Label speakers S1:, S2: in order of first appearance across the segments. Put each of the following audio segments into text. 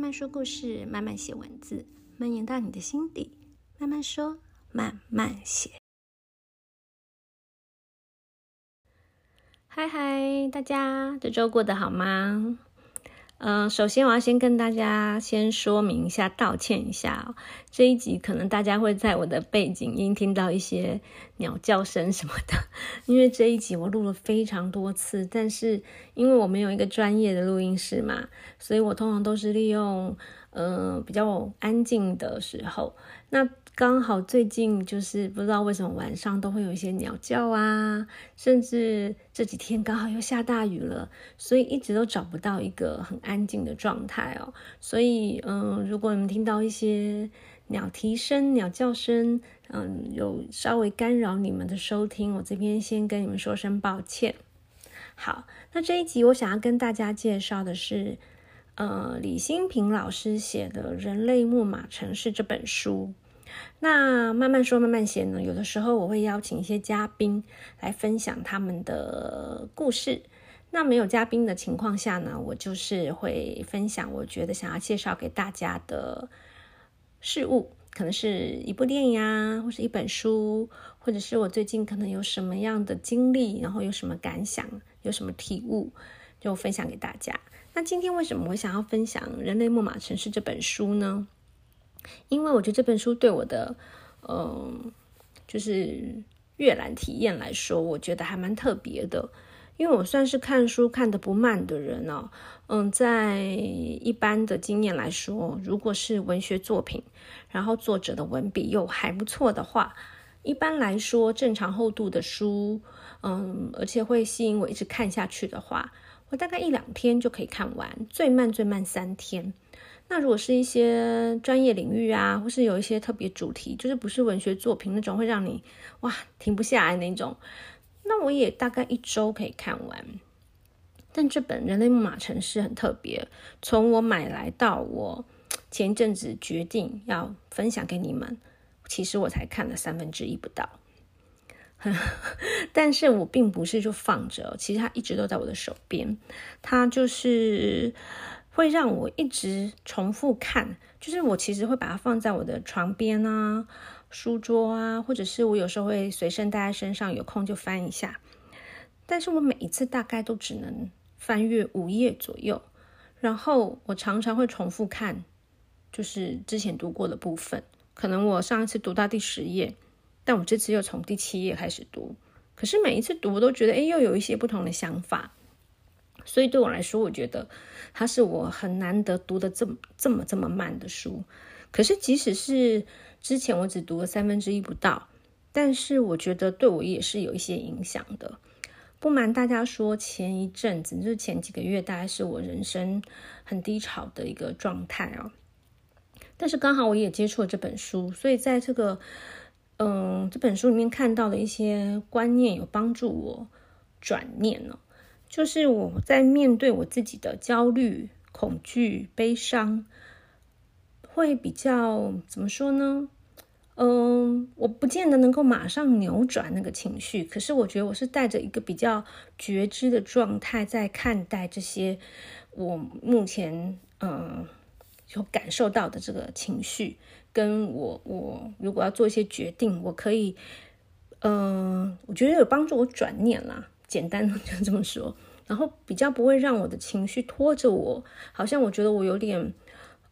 S1: 蔓蔓說故事，蔓蔓寫文字，蔓延到你的心底。蔓蔓說，蔓蔓寫。嗨嗨，大家，這週過得好嗎？嗯、呃，首先我要先跟大家先說明一下，道歉一下哦。這一集可能大家會在我的背景音聽到一些鳥叫聲什麼的，因為這一集我錄了非常多次，但是因為我沒有一個專業的錄音師嘛，所以我通常都是利用嗯、呃、比較安靜的時候，那。剛好最近就是不知道為什麼晚上都會有一些鳥叫啊，甚至這幾天剛好又下大雨了，所以一直都找不到一個很安靜的狀態哦。所以，嗯，如果你們聽到一些鳥啼聲、鳥叫聲，嗯，有稍微干擾你們的收聽，我這邊先跟你們說聲抱歉。好，那這一集我想要跟大家介紹的是，呃，李欣頻老師寫的《人類木馬程式》這本書。那蔓蔓說蔓蔓寫呢，有的時候我會邀請一些嘉賓來分享他們的故事。那沒有嘉賓的情況下呢，我就是會分享我覺得想要介紹給大家的事物，可能是一部電影啊，或是一本書，或者是我最近可能有什麼樣的經歷，然後有什麼感想，有什麼體悟，就分享給大家。那今天為什麼我想要分享《人類木馬程式》這本書呢？因為我覺得這本書對我的，嗯，就是閱覽體驗來說，我覺得還蠻特別的。因為我算是看書看得不慢的人呢。哦，嗯，在一般的經驗來說，如果是文學作品，然後作者的文筆又還不錯的話，一般來說正常厚度的書，嗯，而且會吸引我一直看下去的話，我大概一兩天就可以看完，最慢最慢三天。那如果是一些專業領域啊，或是有一些特別主題，就是不是文學作品那種，會讓你哇停不下來那種，那我也大概一周可以看完。但這本《人類木馬程式》很特別，從我買來到我前一陣子決定要分享給你們，其實我才看了三分之一不到。 但是我並不是就放着，其實它一直都在我的手邊，它就是。會讓我一直重複看，就是我其實會把它放在我的床邊啊、書桌啊，或者是我有時候會隨身帶在身上，有空就翻一下。但是我每一次大概都只能翻閱五頁左右，然後我常常會重複看，就是之前讀過的部分。可能我上一次讀到第十頁，但我這次又從第七頁開始讀。可是每一次讀，我都覺得哎，又有一些不同的想法。所以對我來說，我覺得它是我很難得讀的這麼這麼這麼慢的書。可是即使是之前我只讀了三分之一不到，但是我覺得對我也是有一些影響的。不瞞大家說，前一陣子就是前幾個月，大概是我人生很低潮的一個狀態啊。但是剛好我也接觸了這本書，所以在這個嗯這本書裡面看到的一些觀念，有幫助我轉念呢、啊。就是我在面對我自己的焦慮、恐懼、悲傷，會比較，怎麼說呢？嗯、呃，我不見得能夠馬上扭轉那個情緒，可是我覺得我是帶着一個比較覺知的狀態在看待這些我目前嗯、呃、所感受到的這個情緒，跟我我如果要做一些決定，我可以，嗯、呃，我覺得有幫助我轉念啦。簡單的就這麼說，然後比較不會讓我的情緒拖着我，好像我覺得我有點，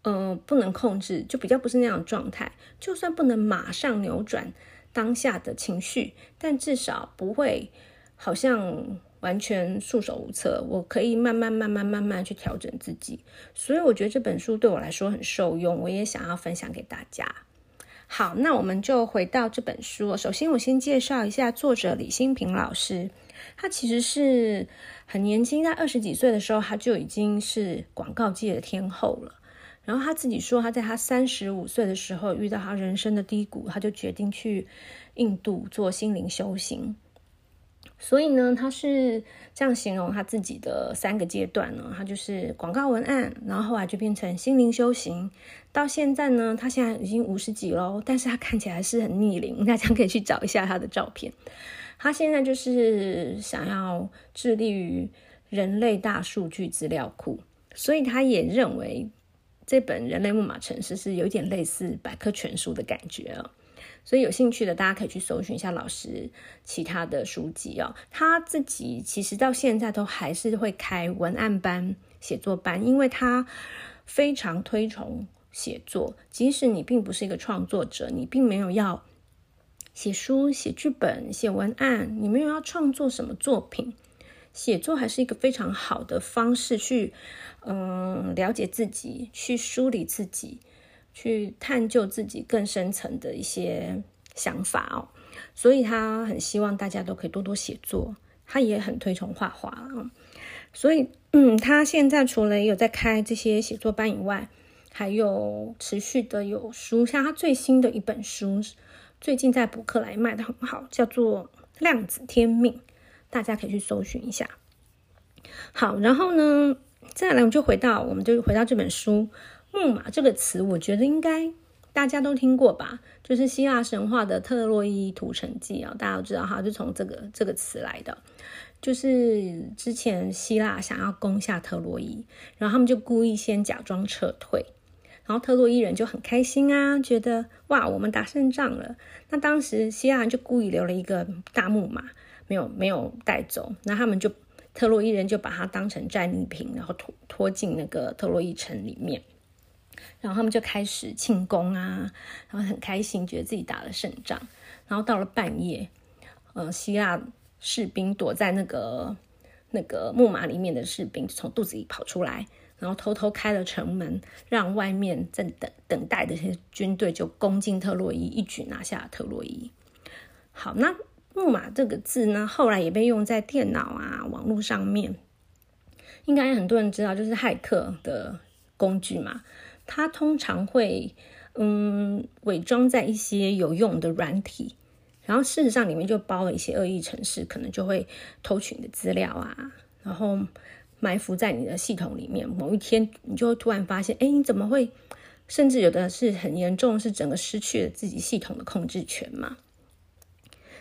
S1: 呃，不能控制，就比較不是那樣的狀態。就算不能馬上扭轉當下的情緒，但至少不會好像完全束手無策。我可以慢慢、慢慢、慢慢去調整自己，所以我覺得這本書對我來說很受用，我也想要分享給大家。好，那我們就回到這本書，首先我先介紹一下作者李欣頻老師。他其實是很年輕，在二十幾歲的時候，他就已經是廣告界的天后了。然後他自己說，他在他三十五歲的時候遇到他人生的低谷，他就決定去印度做心靈修行。所以呢，他是這樣形容他自己的三個階段呢：他就是廣告文案，然後後來就變成心靈修行，到現在呢，他現在已經五十幾嘍，但是他看起來是很逆齡。大家可以去找一下他的照片。他現在就是想要致力於人類大數據資料庫，所以他也認為這本《人類木馬程式》是有點類似百科全書的感覺哦，所以有興趣的大家可以去搜尋一下老師其他的書籍哦，他自己其實到現在都還是會開文案班、寫作班，因為他非常推崇寫作，即使你並不是一個創作者，你並沒有要。寫書、寫劇本、寫文案，你們有要創作什麼作品？寫作還是一個非常好的方式去，嗯，了解自己，去梳理自己，去探究自己更深層的一些想法哦。所以他很希望大家都可以多多寫作，他也很推崇畫畫啊。哦，所以，嗯，他現在除了有在開這些寫作班以外，還有持續的有書，像他最新的一本書。最近在博客來賣得很好，叫做《量子天命》，大家可以去搜尋一下。好，然後呢，再來我們就回到，我們就回到這本書。木馬這個詞，我覺得應該大家都聽過吧？就是希臘神話的特洛伊屠城記啊、哦，大家都知道哈，它就從這個這個詞來的。就是之前希臘想要攻下特洛伊，然後他們就故意先假裝撤退。然後特洛伊人就很開心啊，覺得哇，我們打勝仗了。那當時希臘人就故意留了一個大木馬，沒有沒有帶走。那他們就特洛伊人就把它當成戰利品，然後拖，拖進那個特洛伊城裡面。然後他們就開始慶功啊，然後很開心，覺得自己打了勝仗。然後到了半夜，呃，希臘士兵躲在那個那個木馬裡面的士兵就從肚子裡跑出來。然後偷偷開了城門，讓外面正等等待的這些軍隊就攻進特洛伊，一舉拿下特洛伊。好，那木馬這個字呢，後來也被用在電腦啊網絡上面，應該很多人知道，就是駭客的工具嘛。它通常會嗯偽裝在一些有用的軟體，然後事實上裡面就包了一些惡意程式，可能就會偷取你的資料啊，然後。埋伏在你的系統裡面，某一天你就會突然發現，哎，你怎麼會？甚至有的是很嚴重，是整個失去了自己系統的控制權嘛。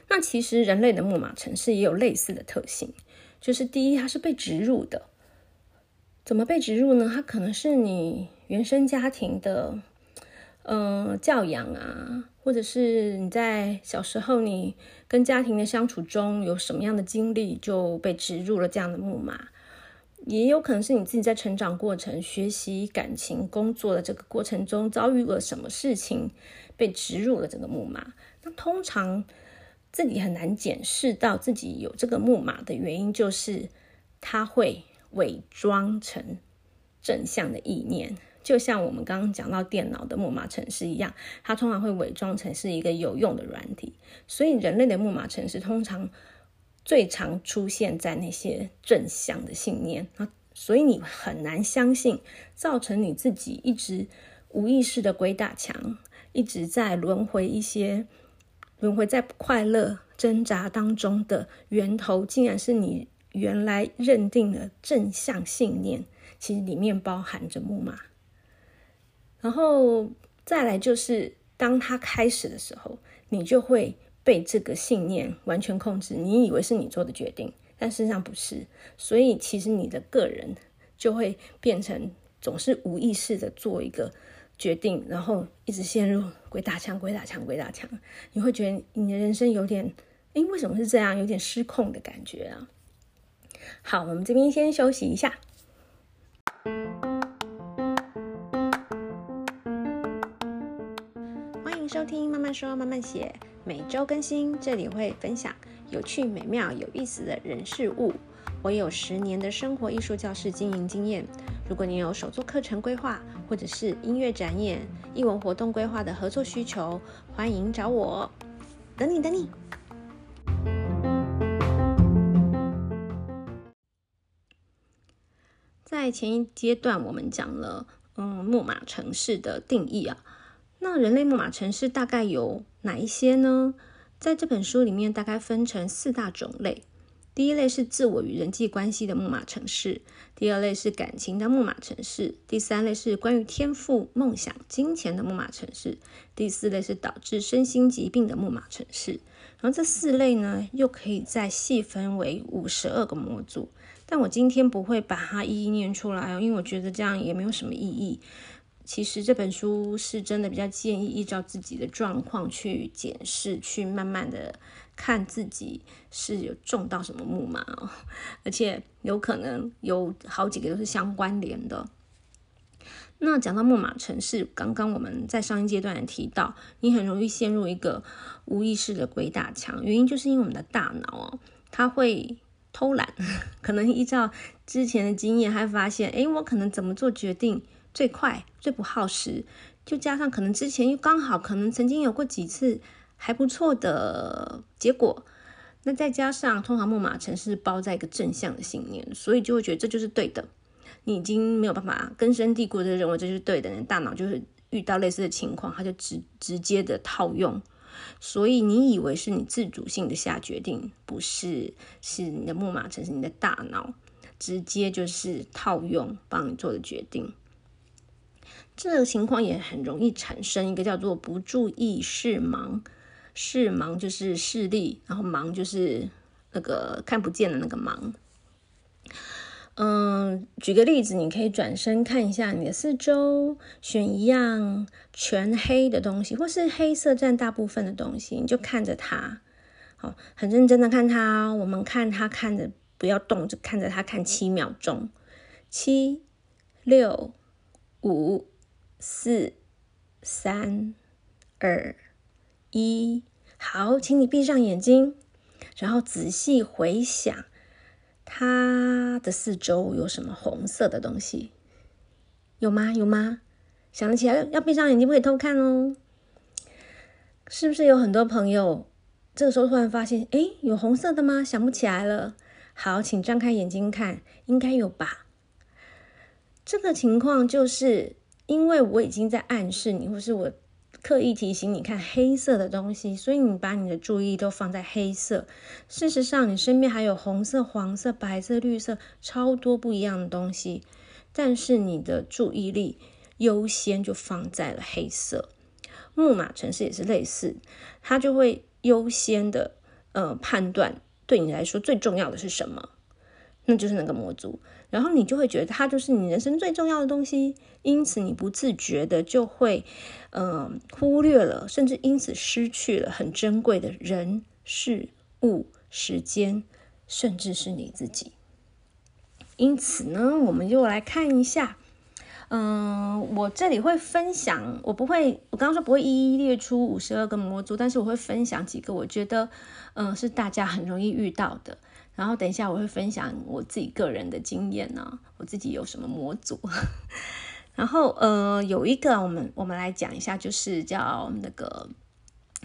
S1: 那其實人類的木馬程式也有類似的特性，就是第一，它是被植入的。怎麼被植入呢？它可能是你原生家庭的，嗯、呃，教養啊，或者是你在小時候你跟家庭的相處中有什麼樣的經歷，就被植入了這樣的木馬。也有可能是你自己在成長過程、學習、感情、工作的這個過程中遭遇了什麼事情，被植入了這個木馬。那通常自己很難檢視到自己有這個木馬的原因，就是它會偽裝成正向的意念，就像我們剛剛講到電腦的木馬程式一樣，它通常會偽裝成是一個有用的軟體。所以人類的木馬程式通常。最常出現在那些正向的信念啊，所以你很難相信，造成你自己一直無意識的鬼打牆，一直在輪迴一些輪迴在快樂掙扎當中的源頭，竟然是你原來認定的正向信念，其實裡面包含着木馬。然後再來就是，當它開始的時候，你就會。被這個信念完全控制，你以為是你做的決定，但事實上不是。所以，其實你的個人就會變成總是無意識的做一個決定，然後一直陷入鬼打牆、鬼打牆、鬼打牆。你會覺得你的人生有點，哎，為什麼是這樣？有點失控的感覺啊。好，我們這邊先休息一下。歡迎收聽《蔓蔓說，蔓蔓寫》。每週更新，這裡會分享有趣、美妙、有意思的人事物。我有十年的生活藝術教室經營經驗。如果你有手作課程規劃，或者是音樂展演、藝文活動規劃的合作需求，歡迎找我。等你，等你。在前一階段，我們講了，嗯，木馬程式的定義啊。那人類木馬程式大概有哪一些呢？在這本書裡面，大概分成四大種類。第一類是自我與人際關係的木馬程式，第二類是感情的木馬程式，第三類是關於天賦、夢想、金錢的木馬程式，第四類是導致身心疾病的木馬程式。然後這四類呢，又可以再細分為五十二個模組。但我今天不會把它一一念出來哦，因為我覺得這樣也沒有什麼意義。其實這本書是真的比較建議依照自己的狀況去檢視，去慢慢的看自己是有中到什麼木馬哦，而且有可能有好幾個都是相關聯的。那講到木馬城市，剛剛我們在上一階段也提到，你很容易陷入一個無意識的鬼打牆，原因就是因為我們的大腦哦，它會偷懶，可能依照之前的經驗，還發現哎，我可能怎麼做決定？最快最不耗時，就加上可能之前又剛好可能曾經有過幾次還不錯的結果，那再加上通常木馬程式包在一個正向的信念，所以就會覺得這就是對的。你已經沒有辦法根深蒂固的認為這就是對的，你大腦就是遇到類似的情況，它就直直接的套用。所以你以為是你自主性的下決定，不是，是你的木馬程式，是你的大腦直接就是套用幫你做的決定。這個情況也很容易產生一個叫做不注意視盲。視盲就是視力，然後盲就是那個看不見的那個盲。嗯，舉個例子，你可以轉身看一下你的四周，選一樣全黑的東西，或是黑色占大部分的東西，你就看着它，好，很認真的看它。我們看它，看着不要動，就看着它看七秒鐘，七、六、五。四、三、二、一，好，請你閉上眼睛，然後仔細回想，它的四周有什麼紅色的東西？有嗎？有嗎？想得起來，要閉上眼睛，不可以偷看哦。是不是有很多朋友這個時候突然發現，誒，有紅色的嗎？想不起來了。好，請張開眼睛看，應該有吧。這個情況就是。因為我已經在暗示你，或是我刻意提醒你看黑色的東西，所以你把你的注意都放在黑色。事實上，你身邊還有紅色、黃色、白色、綠色，超多不一樣的東西，但是你的注意力優先就放在了黑色。木馬程式也是類似，它就會優先的呃判斷對你來說最重要的是什麼，那就是那個模組。然後你就會覺得它就是你人生最重要的東西，因此你不自覺的就會，嗯、呃，忽略了，甚至因此失去了很珍貴的人、事、物、時間，甚至是你自己。因此呢，我們就來看一下，嗯、呃，我這裡會分享，我不會，我剛剛說不會一一列出五十二個模組，但是我會分享幾個我覺得，嗯、呃，是大家很容易遇到的。然後等一下，我會分享我自己個人的經驗呢、啊。我自己有什麼模組？ 然後呃，有一個我們我們來講一下，就是叫那個，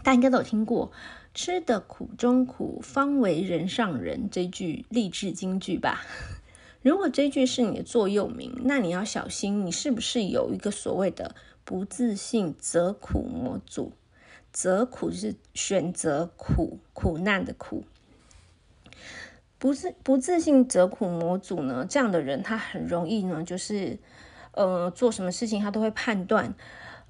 S1: 大家應該都有聽過“吃得苦中苦，方為人上人”這句勵志金句吧？ 如果這句是你的座右銘，那你要小心，你是不是有一個所謂的“不自信擇苦”模組？“擇苦”是選擇苦苦難的苦。不是不自信折苦模組呢？這樣的人他很容易呢，就是呃做什麼事情他都會判斷，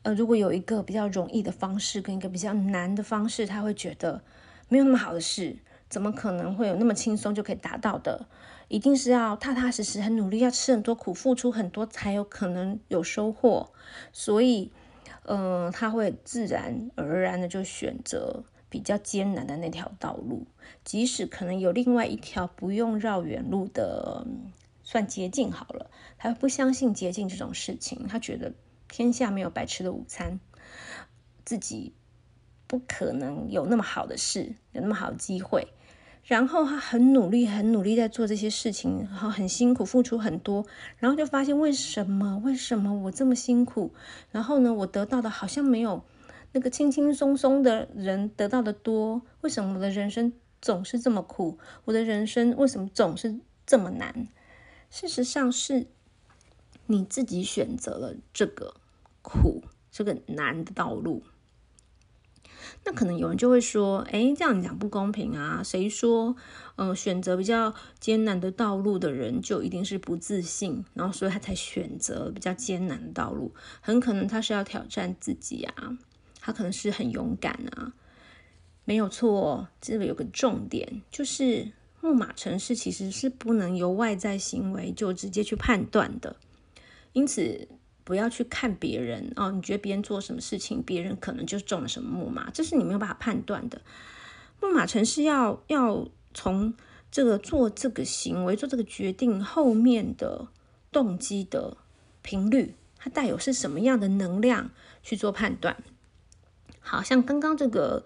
S1: 呃如果有一個比較容易的方式跟一個比較難的方式，他會覺得沒有那麼好的事，怎麼可能會有那麼輕鬆就可以達到的？一定是要踏踏實實很努力，要吃很多苦，付出很多才有可能有收穫。所以，嗯、呃，他會自然而然的就選擇。比較艱難的那條道路，即使可能有另外一條不用繞遠路的，算捷徑好了。他不相信捷徑這種事情，他覺得天下沒有白吃的午餐，自己不可能有那麼好的事，有那麼好的機會。然後他很努力，很努力在做這些事情，然後很辛苦，付出很多，然後就發現為什麼？為什麼我這麼辛苦？然後呢，我得到的好像沒有。那個輕輕鬆鬆的人得到的多，為什麼我的人生總是這麼苦？我的人生為什麼總是這麼難？事實上是，你自己選擇了這個苦、這個難的道路。那可能有人就會說：“哎，這樣講不公平啊！誰說，嗯、呃，選擇比較艱難的道路的人就一定是不自信，然後所以他才選擇比較艱難的道路？很可能他是要挑戰自己啊。”他可能是很勇敢啊，沒有錯。這裡有個重點，就是木馬程式其實是不能由外在行為就直接去判斷的。因此，不要去看別人哦。你覺得別人做什麼事情，別人可能就中了什麼木馬，這是你沒有辦法判斷的。木馬程式要要從這個做這個行為、做這個決定後面的動機的頻率，它帶有是什麼樣的能量去做判斷。好像剛剛這個，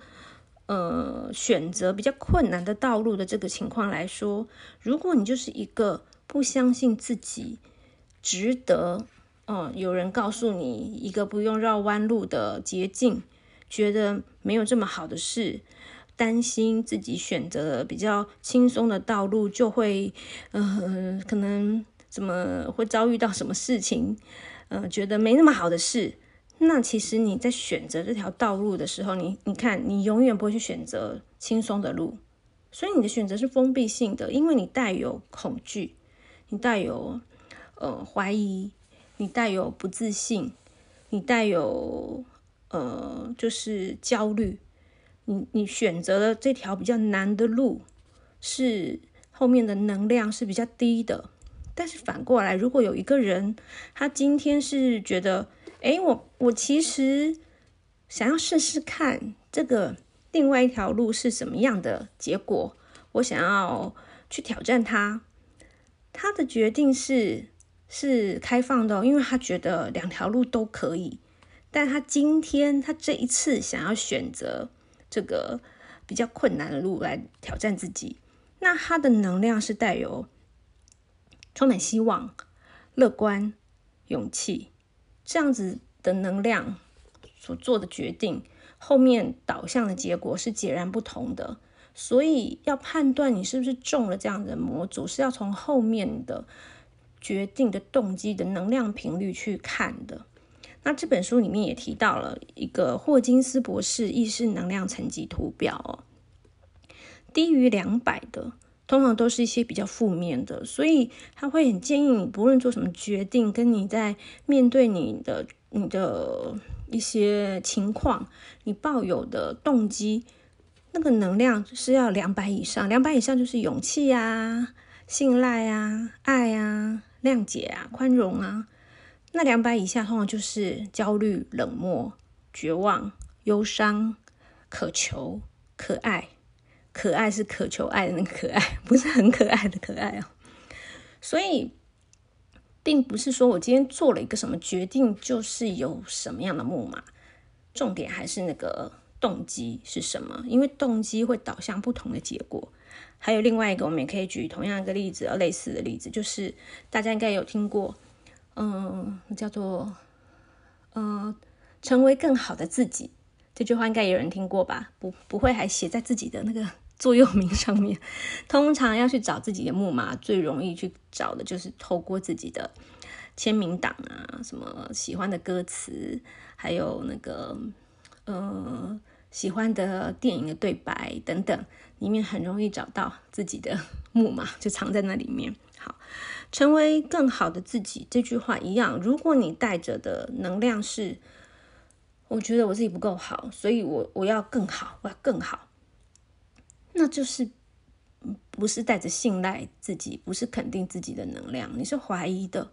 S1: 呃，選擇比較困難的道路的這個情況來說，如果你就是一個不相信自己值得，嗯、呃，有人告訴你一個不用繞彎路的捷徑，覺得沒有這麼好的事，擔心自己選擇比較輕鬆的道路就會，嗯、呃，可能怎麼會遭遇到什麼事情，嗯、呃，覺得沒那麼好的事。那其實你在選擇這條道路的時候，你你看，你永遠不會去選擇輕鬆的路，所以你的選擇是封閉性的，因為你帶有恐懼，你帶有呃懷疑，你帶有不自信，你帶有呃就是焦慮，你你選擇了這條比較難的路，是後面的能量是比較低的。但是反過來，如果有一個人，他今天是覺得。誒，我我其實想要試試看這個另外一條路是什麼樣的結果。我想要去挑戰他。他的決定是是開放的哦，因為他覺得兩條路都可以。但他今天他這一次想要選擇這個比較困難的路來挑戰自己。那他的能量是帶有充滿希望、樂觀、勇氣。這樣子的能量所做的決定，後面導向的結果是截然不同的。所以要判斷你是不是中了這樣的模組，是要從後面的決定的動機的能量頻率去看的。那這本書裡面也提到了一個霍金斯博士意識能量層級圖表哦，低於兩百的。通常都是一些比較負面的，所以他會很建議你，不論做什麼決定，跟你在面對你的你的一些情況，你抱有的動機，那個能量是要兩百以上，兩百以上就是勇氣啊、信賴啊、愛啊、諒解啊、寬容啊。那兩百以下通常就是焦慮、冷漠、絕望、憂傷、渴求、可愛。可愛是渴求愛的那個可愛，不是很可愛的可愛哦、啊，所以，並不是說我今天做了一個什麼決定，就是有什麼樣的木馬。重點還是那個動機是什麼，因為動機會導向不同的結果。還有另外一個，我們也可以舉同樣一個例子，類似的例子，就是大家應該有聽過，嗯，叫做，呃、嗯，成為更好的自己。這句話應該也有人聽過吧？不，不會還寫在自己的那個。座右銘上面，通常要去找自己的木馬，最容易去找的就是透過自己的簽名檔啊，什麼喜歡的歌詞，還有那個呃喜歡的電影的對白等等，裡面很容易找到自己的木馬，就藏在那裡面。好，成為更好的自己這句話一樣，如果你帶着的能量是，我覺得我自己不夠好，所以我我要更好，我要更好。那就是嗯，不是帶着信賴自己，不是肯定自己的能量，你是懷疑的。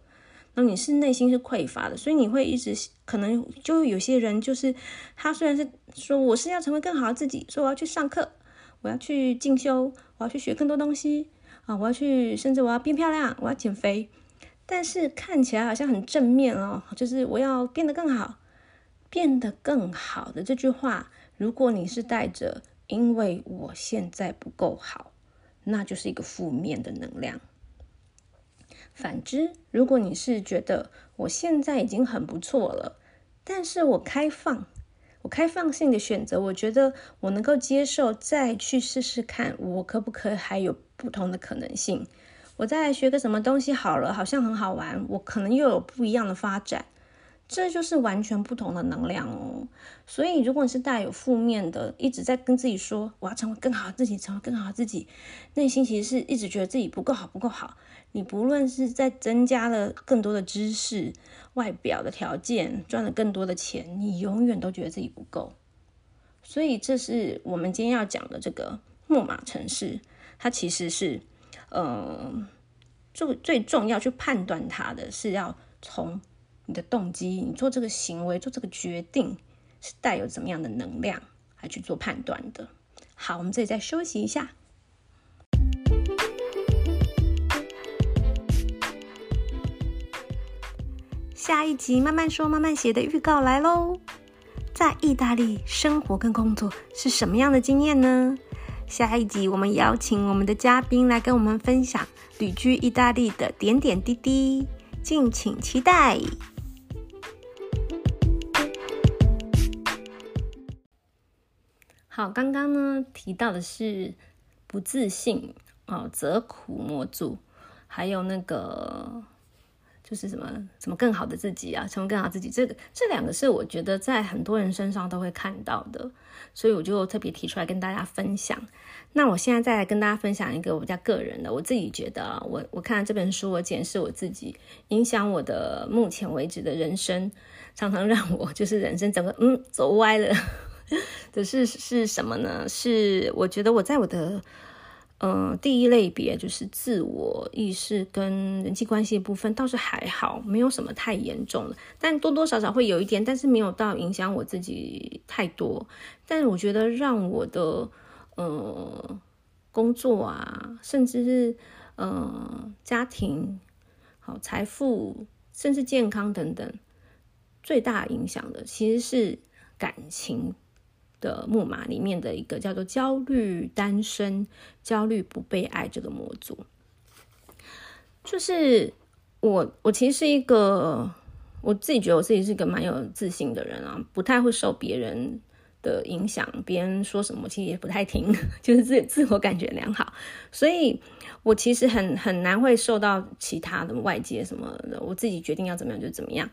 S1: 那你是內心是匱乏的，所以你會一直可能，就有些人就是他雖然是說我是要成為更好的自己，說我要去上課，我要去進修，我要去學更多東西啊，我要去，甚至我要變漂亮，我要減肥，但是看起來好像很正面哦，就是我要變得更好，變得更好的這句話，如果你是帶着。因為我現在不夠好，那就是一個負面的能量。反之，如果你是覺得我現在已經很不錯了，但是我開放，我開放性的選擇，我覺得我能夠接受再去試試看，我可不可以還有不同的可能性？我再來學個什麼東西好了，好像很好玩，我可能又有不一樣的發展。這就是完全不同的能量哦。所以，如果你是帶有負面的，一直在跟自己說“我要成為更好自己，成為更好自己”，內心其實是一直覺得自己不夠好、不夠好。你不論是在增加了更多的知識、外表的條件、賺了更多的錢，你永遠都覺得自己不夠。所以，這是我們今天要講的這個木馬程式，它其實是，嗯、呃，最最重要去判斷它的是要從。你的動機，你做這個行為、做這個決定是帶有怎麼樣的能量來去做判斷的？好，我們自己再休息一下。下一集蔓蔓說蔓蔓寫的預告來嘍！在意大利生活跟工作是什麼樣的經驗呢？下一集我們邀請我們的嘉賓來跟我們分享旅居意大利的點點滴滴，敬請期待。好，剛剛呢，提到的是不自信哦，折苦模組，還有那個就是什麼什麼更好的自己啊，成為更好的自己。這個這兩個是我覺得在很多人身上都會看到的，所以我就特別提出來跟大家分享。那我現在再來跟大家分享一個我比較個人的，我自己覺得、啊，我我看了這本書，我檢視我自己，影響我的目前為止的人生，常常讓我就是人生整個嗯走歪了。可是是什麼呢？是我覺得我在我的嗯、呃、第一類別就是自我意識跟人際關係的部分倒是還好，沒有什麼太嚴重的。但多多少少會有一點，但是沒有到影響我自己太多。但是我覺得讓我的嗯、呃、工作啊，甚至是嗯、呃、家庭、好、財富，甚至健康等等，最大影響的其實是感情，的木馬裡面的一個叫做“焦慮單身，焦慮不被愛”這個模組，就是我，我其實是一個我自己覺得我自己是一個蠻有自信的人啊，不太會受別人。的影響，別人說什麼其實也不太聽，就是自自我感覺良好，所以我其實很很難會受到其他的外界什麼的，我自己決定要怎麼樣就怎麼樣。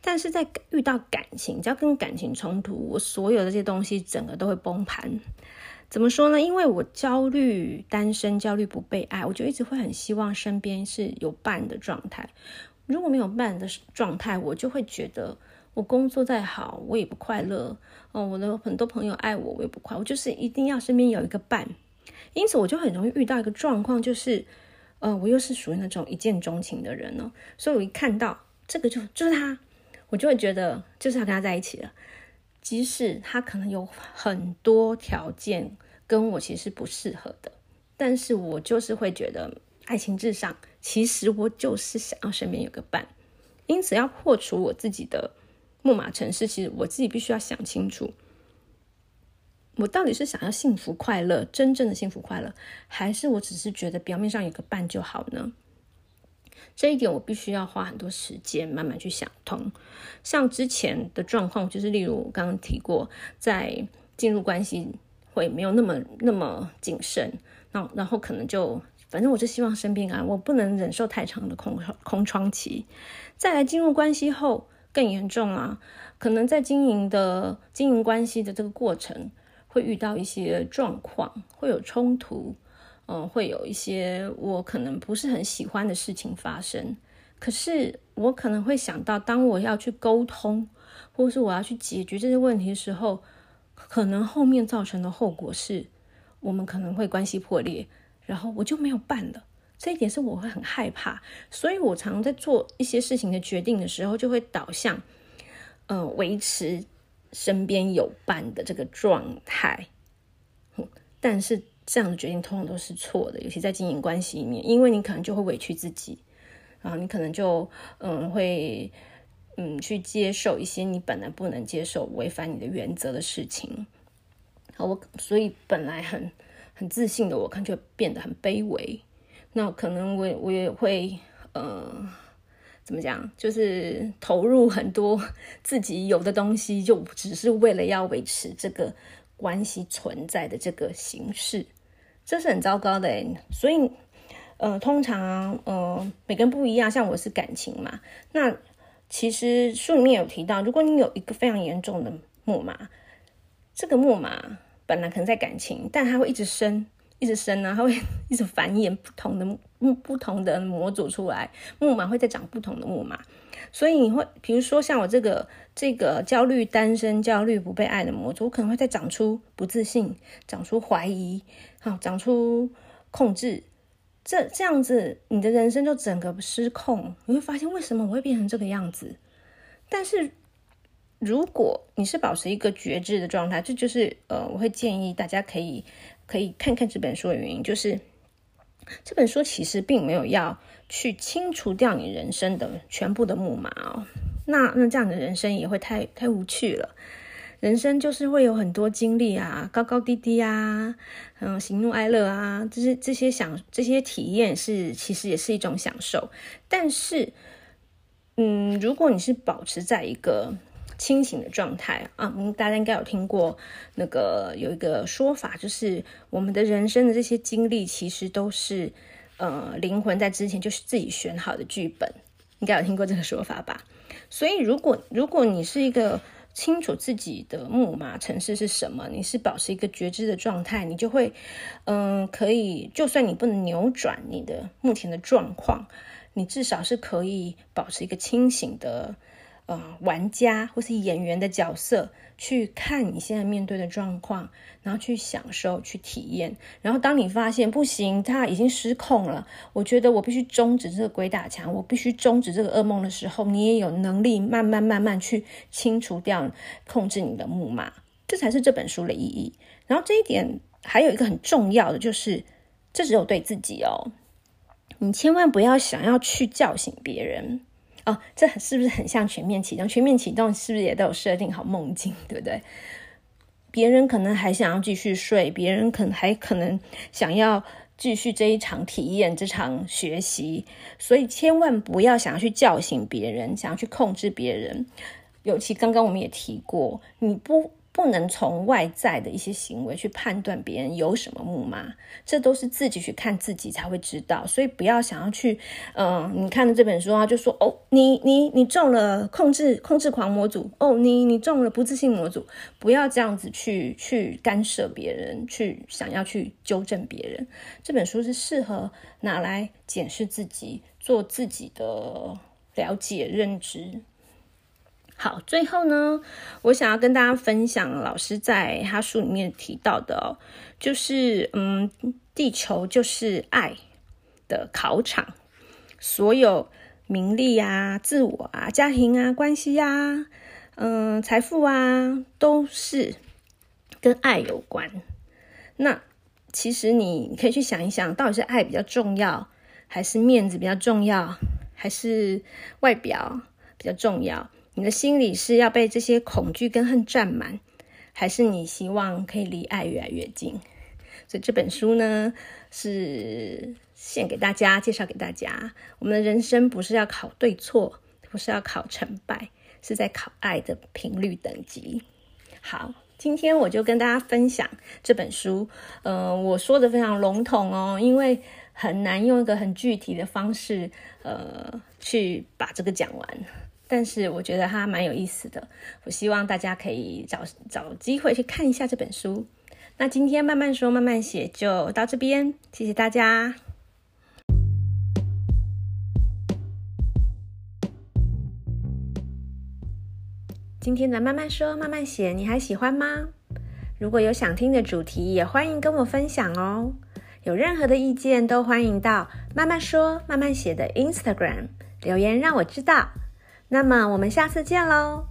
S1: 但是在遇到感情，只要跟感情衝突，我所有的這些東西整個都會崩盤。怎麼說呢？因為我焦慮單身，焦慮不被愛，我就一直會很希望身邊是有伴的狀態。如果沒有伴的狀態，我就會覺得。我工作再好，我也不快樂。哦，我的很多朋友愛我，我也不快。我就是一定要身邊有一個伴，因此我就很容易遇到一個狀況，就是，呃，我又是屬於那種一見鍾情的人呢、哦。所以我一看到這個就就是他，我就會覺得就是要跟他在一起了。即使他可能有很多條件跟我其實不適合的，但是我就是會覺得愛情至上。其實我就是想要身邊有個伴，因此要破除我自己的。木馬程式，其實我自己必須要想清楚，我到底是想要幸福快樂，真正的幸福快樂，還是我只是覺得表面上有個伴就好呢？這一點我必須要花很多時間慢慢去想通。像之前的狀況，就是例如我剛剛提過，在進入關係會沒有那麼那麼謹慎，然後，然後可能就反正我是希望生病啊，我不能忍受太長的空空窗期。再來進入關係後。更嚴重啊，可能在經營的經營關係的這個過程，會遇到一些狀況，會有衝突，嗯、呃，會有一些我可能不是很喜歡的事情發生。可是我可能會想到，當我要去溝通，或是我要去解決這些問題的時候，可能後面造成的後果是，我們可能會關係破裂，然後我就沒有辦了。這一點是我會很害怕，所以我常在做一些事情的決定的時候，就會導向，嗯、呃，維持身邊有伴的這個狀態、嗯。但是這樣的決定通常都是錯的，尤其在經營關係裡面，因為你可能就會委屈自己，然後你可能就嗯會嗯去接受一些你本來不能接受、違反你的原則的事情。好，我所以本來很很自信的，我看就變得很卑微。那可能我我也會，呃，怎麼講？就是投入很多自己有的東西，就只是為了要維持這個關係存在的這個形式，這是很糟糕的。所以，呃，通常，呃，每個人不一樣。像我是感情嘛，那其實書裡面有提到，如果你有一個非常嚴重的木馬，這個木馬本來可能在感情，但它會一直生。一直生啊，它會一直繁衍不同的不同的模組出來，木馬會再長不同的木馬，所以你會，比如說像我這個這個焦慮單身焦慮不被愛的模組，我可能會再長出不自信，長出懷疑，好，長出控制，這這樣子，你的人生就整個失控。你會發現為什麼我會變成這個樣子？但是如果你是保持一個覺知的狀態，這就,就是呃，我會建議大家可以。可以看看這本書的原因，就是這本書其實並沒有要去清除掉你人生的全部的木馬哦。那那這樣的人生也會太太無趣了。人生就是會有很多經歷啊，高高低低啊，嗯，喜怒哀樂啊，這些這些想，這些體驗是其實也是一種享受。但是，嗯，如果你是保持在一個清醒的狀態啊，大家應該有聽過那個有一個說法，就是我們的人生的這些經歷，其實都是呃靈魂在之前就是自己選好的劇本，應該有聽過這個說法吧？所以如果如果你是一個清楚自己的木馬程式是什麼，你是保持一個覺知的狀態，你就會嗯、呃、可以，就算你不能扭轉你的目前的狀況，你至少是可以保持一個清醒的。呃，玩家或是演員的角色去看你現在面對的狀況，然後去享受、去體驗。然後當你發現不行，他已經失控了，我覺得我必須終止這個鬼打牆，我必須終止這個噩夢的時候，你也有能力慢慢慢慢去清除掉控制你的木馬，這才是這本書的意義。然後這一點還有一個很重要的就是，這只有對自己哦，你千萬不要想要去叫醒別人。哦、啊，這是不是很像全面啟動？全面啟動是不是也都有設定好夢境，對不對？別人可能還想要繼續睡，別人可能還可能想要繼續這一場體驗、這場學習，所以千萬不要想要去叫醒別人，想要去控制別人。尤其剛剛我們也提過，你不。不能從外在的一些行為去判斷別人有什麼木馬，這都是自己去看自己才會知道。所以不要想要去，嗯，呃，你看的這本書啊，就說哦，你你你中了控制控制狂模組，哦，你你中了不自信模組，不要這樣子去去干涉別人，去想要去糾正別人。這本書是適合拿來檢視自己，做自己的了解認知。好，最後呢，我想要跟大家分享，老師在他書裡面提到的、哦，就是，嗯，地球就是愛的考場，所有名利啊、自我啊、家庭啊、關係呀、啊、嗯、財富啊，都是跟愛有關。那其實你可以去想一想，到底是愛比較重要，還是面子比較重要，還是外表比較重要？你的心裡是要被這些恐懼跟恨佔滿，還是你希望可以離愛越來越近？所以這本書呢，是獻給大家，介紹給大家。我們的人生不是要考對錯，不是要考成敗，是在考愛的頻率等級。好，今天我就跟大家分享這本書。嗯、呃，我說的非常籠統哦，因為很難用一個很具體的方式，呃，去把這個講完。但是我覺得它蠻有意思的，我希望大家可以找找機會去看一下這本書。那今天蔓蔓說蔓蔓寫就到這邊，謝謝大家。今天的蔓蔓說蔓蔓寫你還喜歡嗎？如果有想聽的主題，也歡迎跟我分享哦。有任何的意見都歡迎到蔓蔓說蔓蔓寫的 Instagram 留言讓我知道。那麼，我們下次見嘍。